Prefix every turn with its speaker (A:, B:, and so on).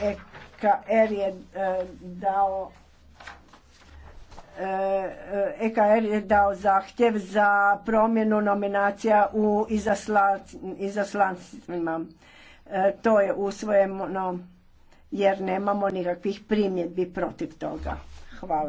A: EKR er je e, dao EKR e, er je dao zahtjev za promjenu nominacija u izaslanstvima. E, to je usvojeno jer nemamo nikakvih primjedbi protiv toga.
B: Hvala.